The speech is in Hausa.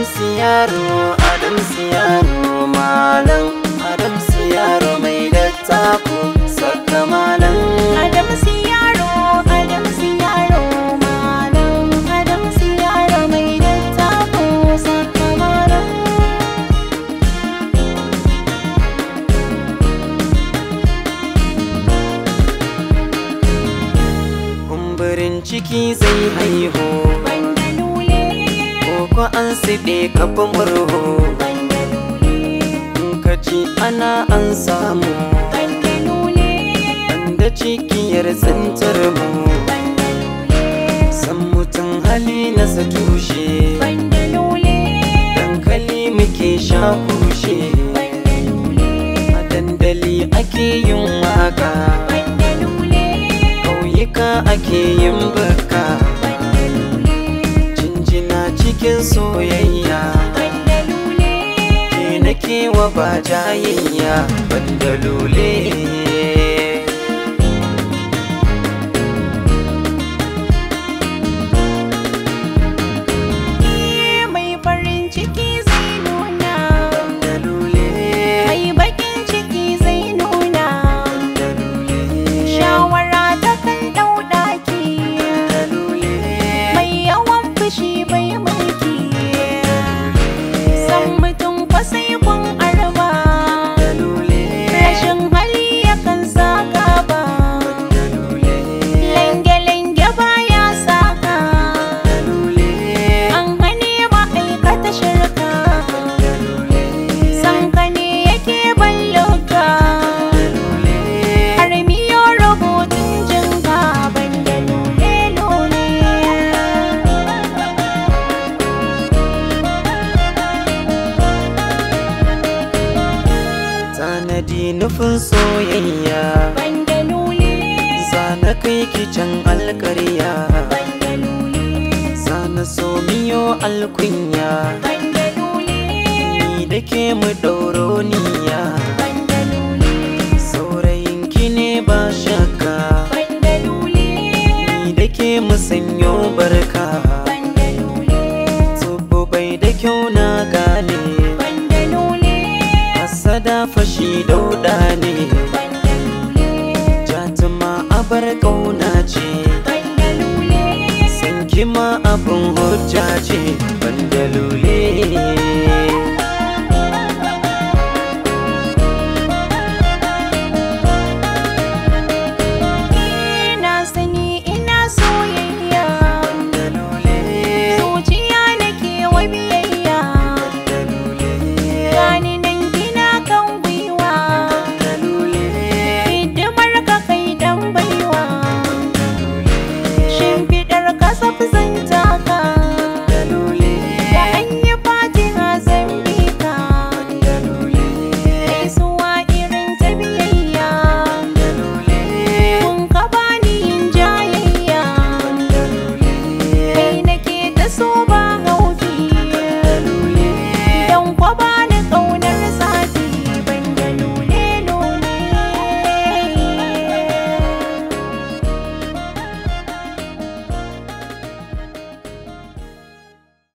Adamsu yaro, adamsu yaro malam adamsu yaro mai dattako saka malam Adamsu yaro, adamsu yaro malam adamsu yaro mai dattako saka malam Kumburin ciki zai haihu fa an siɗe kafin murhu in ka ci ana an samu da cikiyar tsintar mu san mutum hali na satushe tushe dankali muke sha kushe a dandali ake yin waka ƙauyuka ake yin baka ba jayayya banda lule di nufin soyayya banda nuli, zana kai kicin alkarya banda nuli, zana so miyo alkunya banda nuli, ni da ke mu dauro ni 假期。